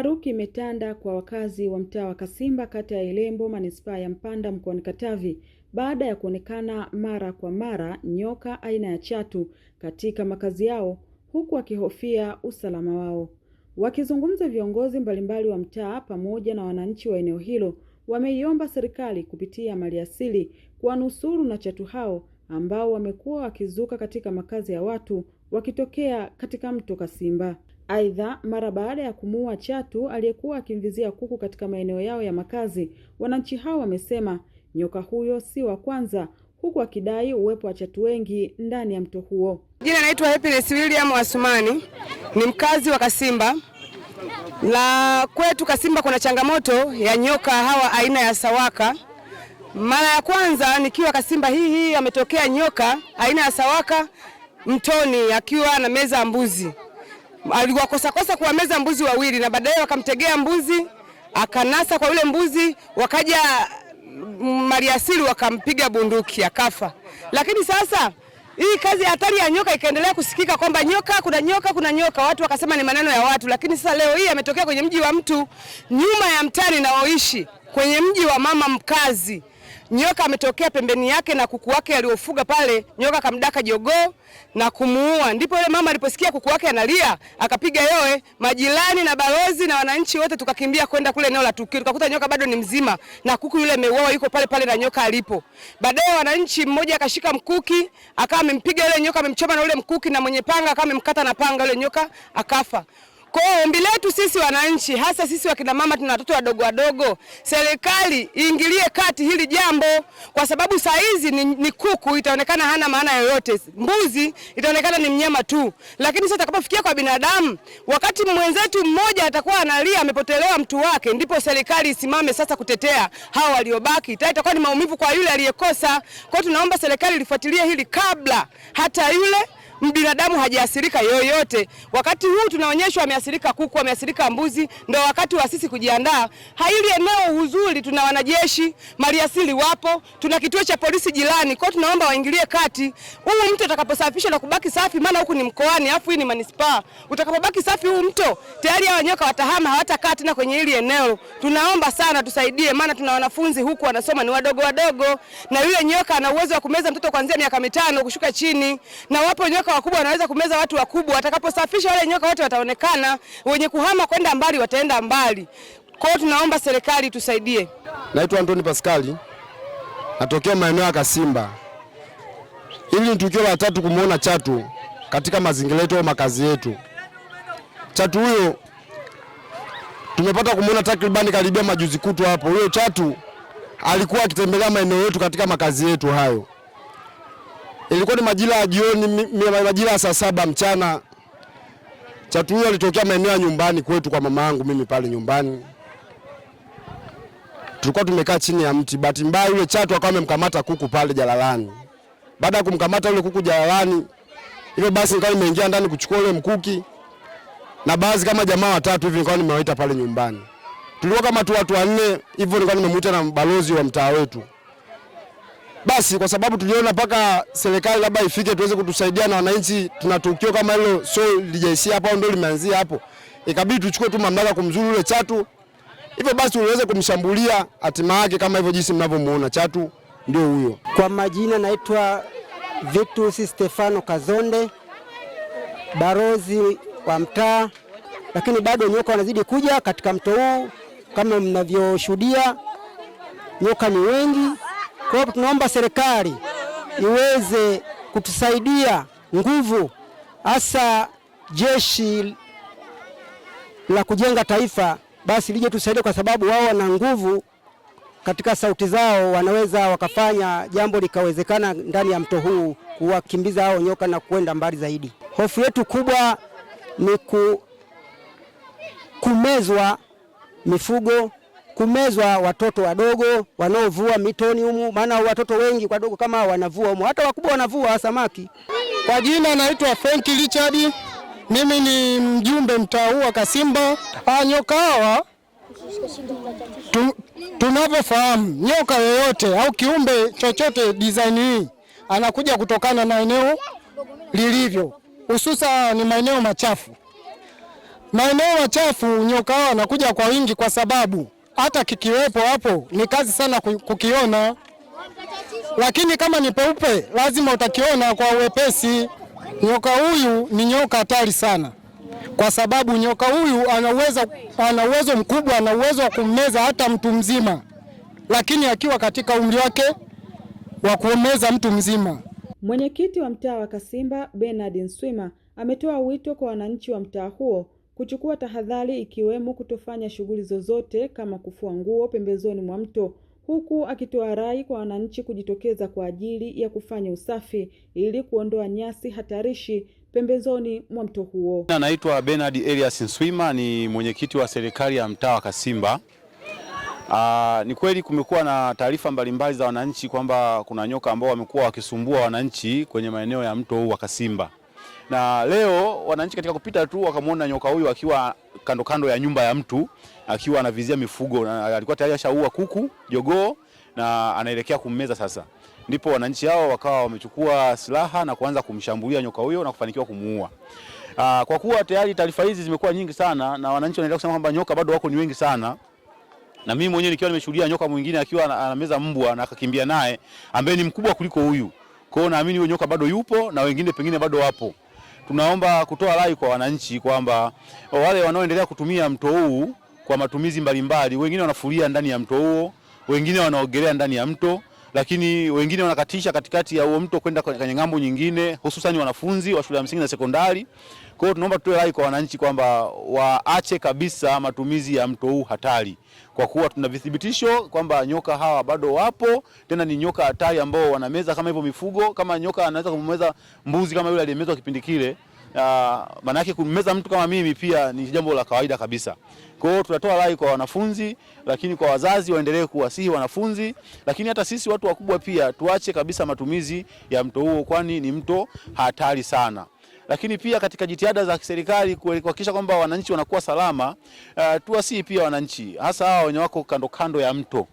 Taharuki imetanda kwa wakazi wa mtaa wa Kasimba kata ya Ilembo manispaa ya Mpanda mkoani Katavi baada ya kuonekana mara kwa mara nyoka aina ya chatu katika makazi yao huku wakihofia usalama wao. Wakizungumza, viongozi mbalimbali wa mtaa pamoja na wananchi wa eneo hilo wameiomba serikali kupitia maliasili kuwanusuru na chatu hao ambao wamekuwa wakizuka katika makazi ya watu wakitokea katika mto Kasimba. Aidha, mara baada ya kumuua chatu aliyekuwa akimvizia kuku katika maeneo yao ya makazi, wananchi hao wamesema nyoka huyo si wa kwanza, huku akidai uwepo wa chatu wengi ndani ya mto huo. Jina naitwa Happiness William Wasumani, ni mkazi wa Kasimba. La kwetu Kasimba kuna changamoto ya nyoka hawa aina ya sawaka. Mara ya kwanza nikiwa Kasimba hii hii ametokea nyoka aina ya sawaka mtoni akiwa na meza mbuzi aliwakosakosa kuwameza mbuzi wawili, na baadaye wakamtegea mbuzi akanasa kwa yule mbuzi, wakaja mm, maliasili wakampiga bunduki akafa. Lakini sasa hii kazi ya hatari ya nyoka ikaendelea kusikika kwamba nyoka, kuna nyoka, kuna nyoka. Watu wakasema ni maneno ya watu, lakini sasa leo hii ametokea kwenye mji wa mtu nyuma ya mtani naoishi kwenye mji wa mama mkazi Nyoka ametokea pembeni yake na kuku wake aliofuga pale, nyoka akamdaka jogoo na kumuua. Ndipo yule mama aliposikia kuku wake analia, akapiga yowe, majirani na balozi na wananchi wote tukakimbia kwenda kule eneo la tukio. Tukakuta nyoka bado ni mzima na kuku yule ameuawa, yuko pale pale na nyoka alipo. Baadaye wananchi, mmoja akashika mkuki, akawa amempiga yule nyoka, amemchoma na ule mkuki, na mwenye panga akawa amemkata na panga, yule nyoka akafa. Kwa hiyo ombi letu sisi wananchi, hasa sisi wakinamama, tuna watoto wadogo wadogo, serikali iingilie kati hili jambo, kwa sababu saa hizi ni, ni kuku itaonekana hana maana yoyote, mbuzi itaonekana ni mnyama tu, lakini sasa takapofikia kwa binadamu, wakati mwenzetu mmoja atakuwa analia amepotelewa mtu wake, ndipo serikali isimame sasa kutetea hao waliobaki. Tayari itakuwa ni maumivu kwa yule aliyekosa. Kwa hiyo tunaomba serikali lifuatilie hili kabla hata yule Binadamu hajaathirika yoyote. Wakati huu tunaonyeshwa ameathirika kuku, ameathirika mbuzi, ndo wakati wa sisi kujiandaa. Hili eneo uzuri, tuna wanajeshi maliasili wapo, tuna kituo cha polisi jirani, kwa tunaomba waingilie kati. Huu mto utakaposafishwa na kubaki safi, maana huku ni mkoani, afu hii ni manispaa, utakapobaki safi huu mto, tayari hao nyoka watahama, hawatakaa tena kwenye hili eneo. Tunaomba sana tusaidie, maana tuna wanafunzi huku wanasoma, ni wadogo wadogo, na yule nyoka ana uwezo wa kumeza mtoto kuanzia miaka mitano kushuka chini, na wapo nyoka nyoka wakubwa wanaweza kumeza watu wakubwa. Watakaposafisha wale nyoka wote wataonekana, wenye kuhama kwenda mbali wataenda mbali. Kwa hiyo tunaomba serikali tusaidie. Naitwa Antoni Paskali, natokea maeneo ya Kasimba. Hili ni tukio la tatu kumwona chatu katika mazingira yetu au makazi yetu. Chatu huyo tumepata kumwona takribani karibia majuzi kutu hapo. Huyo chatu alikuwa akitembelea maeneo yetu katika makazi yetu hayo ilikuwa ni majira ya jioni, majira ya saa saba mchana. Chatu huyo alitokea maeneo ya nyumbani kwetu kwa mama yangu mimi pale nyumbani, tulikuwa tumekaa chini ya mti. Bahati mbaya yule chatu akawa amemkamata kuku pale jalalani. Baada ya kumkamata yule kuku jalalani, hivyo basi nikawa nimeingia ndani kuchukua yule mkuki na baadhi kama jamaa watatu hivi, nikawa nimewaita pale nyumbani. Tulikuwa kama tu watu wanne hivyo, nikawa nimemuita na balozi wa mtaa wetu. Basi kwa sababu tuliona mpaka serikali labda ifike tuweze kutusaidia na wananchi, tuna tukio kama hilo, so lijaishia hapo, ndio limeanzia hapo, ikabidi tuchukue tu mamlaka kumzuru yule chatu. Hivyo basi uweze kumshambulia, hatima yake kama hivyo jinsi mnavyomuona chatu ndio huyo. Kwa majina naitwa Vitus Stefano Kazonde, barozi wa mtaa, lakini bado nyoka wanazidi kuja katika mto huu. Kama mnavyoshuhudia, nyoka ni wengi. Kwa hiyo tunaomba serikali iweze kutusaidia nguvu, hasa jeshi la kujenga taifa, basi lije tusaidie, kwa sababu wao wana nguvu katika sauti zao wanaweza wakafanya jambo likawezekana ndani ya mto huu kuwakimbiza hao nyoka na kuenda mbali zaidi. Hofu yetu kubwa ni ku, kumezwa mifugo kumezwa watoto wadogo wanaovua mitoni humu, maana watoto wengi wadogo kama wanavua humu, hata wakubwa wanavua samaki. Kwa jina naitwa Frank Richard, mimi ni mjumbe mtaa huu wa Kasimba. Ah, nyoka hawa tunavyofahamu, nyoka yoyote au kiumbe chochote design hii anakuja kutokana na eneo lilivyo, hususa ni maeneo machafu. Maeneo machafu nyoka hawa anakuja kwa wingi kwa sababu hata kikiwepo hapo ni kazi sana kukiona, lakini kama ni peupe lazima utakiona kwa uwepesi. Nyoka huyu ni nyoka hatari sana, kwa sababu nyoka huyu ana uwezo mkubwa, ana uwezo wa kummeza hata mtu mzima, lakini akiwa katika umri wake wa kuomeza mtu mzima. Mwenyekiti wa mtaa wa Kasimba Bernard Nswima ametoa wito kwa wananchi wa mtaa huo kuchukua tahadhari ikiwemo kutofanya shughuli zozote kama kufua nguo pembezoni mwa mto, huku akitoa rai kwa wananchi kujitokeza kwa ajili ya kufanya usafi ili kuondoa nyasi hatarishi pembezoni mwa mto huo. Anaitwa Bernard Elias Nswima, ni mwenyekiti wa serikali ya mtaa wa Kasimba. Aa, ah, ni kweli kumekuwa na taarifa mbalimbali za wananchi kwamba kuna nyoka ambao wamekuwa wakisumbua wananchi kwenye maeneo ya mto huu wa Kasimba na leo wananchi katika kupita tu wakamwona nyoka huyu akiwa kando kando ya nyumba ya mtu akiwa anavizia mifugo na alikuwa tayari ashaua kuku, jogoo na anaelekea kummeza sasa. Ndipo wananchi hao wakawa wamechukua silaha na kuanza kumshambulia nyoka huyo na kufanikiwa kumuua. Aa, ah, kwa kuwa tayari taarifa hizi zimekuwa nyingi sana na wananchi wanaendelea kusema kwamba nyoka bado wako ni wengi sana na mimi mwenyewe nikiwa nimeshuhudia nyoka mwingine akiwa anameza mbwa na akakimbia naye ambaye ni mkubwa kuliko huyu. Kwa hiyo naamini huyo nyoka bado yupo na wengine pengine bado wapo tunaomba kutoa rai kwa wananchi kwamba wale wanaoendelea kutumia mto huu kwa matumizi mbalimbali, wengine wanafulia ndani ya mto huo, wengine wanaogelea ndani ya mto, lakini wengine wanakatisha katikati ya huo mto kwenda kwenye ng'ambo nyingine, hususani wanafunzi wa shule ya msingi na sekondari. Kwa hiyo tunaomba tutoe rai kwa wananchi kwamba waache kabisa matumizi ya mto huu hatari, kwa kuwa tuna vithibitisho kwamba nyoka hawa bado wapo, tena ni nyoka hatari ambao wanameza kama hivyo mifugo. Kama nyoka anaweza kumeza mbuzi kama yule aliyemezwa kipindi kile, ah, maana yake kumeza mtu kama mimi pia ni jambo la kawaida kabisa. Kwa hiyo tunatoa rai kwa wanafunzi, lakini kwa wazazi waendelee kuwasihi wanafunzi, lakini hata sisi watu wakubwa pia tuache kabisa matumizi ya mto huo, kwani ni mto hatari sana. Lakini pia katika jitihada za serikali kuhakikisha kwamba wananchi wanakuwa salama, uh, eh, tuwasihi pia wananchi hasa hao wenye wako kando kando ya mto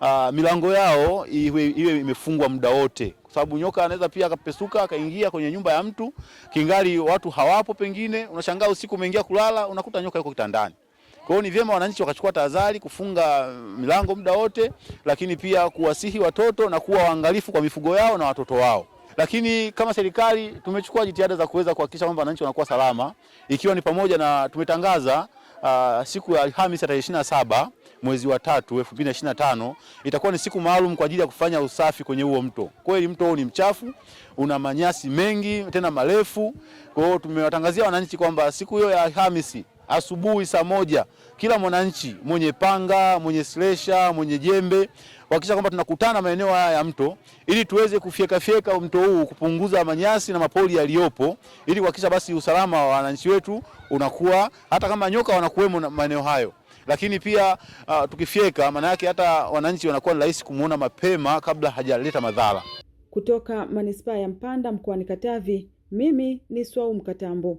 uh, milango yao iwe, iwe imefungwa muda wote sababu nyoka anaweza pia akapesuka akaingia kwenye nyumba ya mtu kingali watu hawapo, pengine unashangaa usiku umeingia kulala unakuta nyoka yuko kitandani. Kwa hiyo ni vyema wananchi wakachukua tahadhari kufunga milango muda wote, lakini pia kuwasihi watoto na kuwa waangalifu kwa mifugo yao na watoto wao. Lakini kama serikali tumechukua jitihada za kuweza kuhakikisha kwamba wananchi wanakuwa salama, ikiwa ni pamoja na tumetangaza uh, siku ya Alhamisi tarehe 27 na saba mwezi wa tatu 2025 itakuwa ni siku maalum kwa ajili ya kufanya usafi kwenye huo mto. Kweli mto huu ni mchafu, una manyasi mengi tena marefu. Kwa hiyo tumewatangazia wananchi kwamba siku hiyo ya Alhamisi asubuhi saa moja, kila mwananchi mwenye panga, mwenye slesha, mwenye jembe kuhakikisha kwamba tunakutana maeneo haya ya mto ili tuweze kufyekafyeka mto huu kupunguza manyasi na mapoli yaliyopo, ili kuhakikisha basi usalama wa wananchi wetu unakuwa, hata kama nyoka wanakuwemo maeneo hayo lakini pia uh, tukifyeka maana yake hata wananchi wanakuwa ni rahisi kumuona mapema kabla hajaleta madhara. Kutoka manispaa ya Mpanda mkoani Katavi, mimi ni Swau Mkatambo.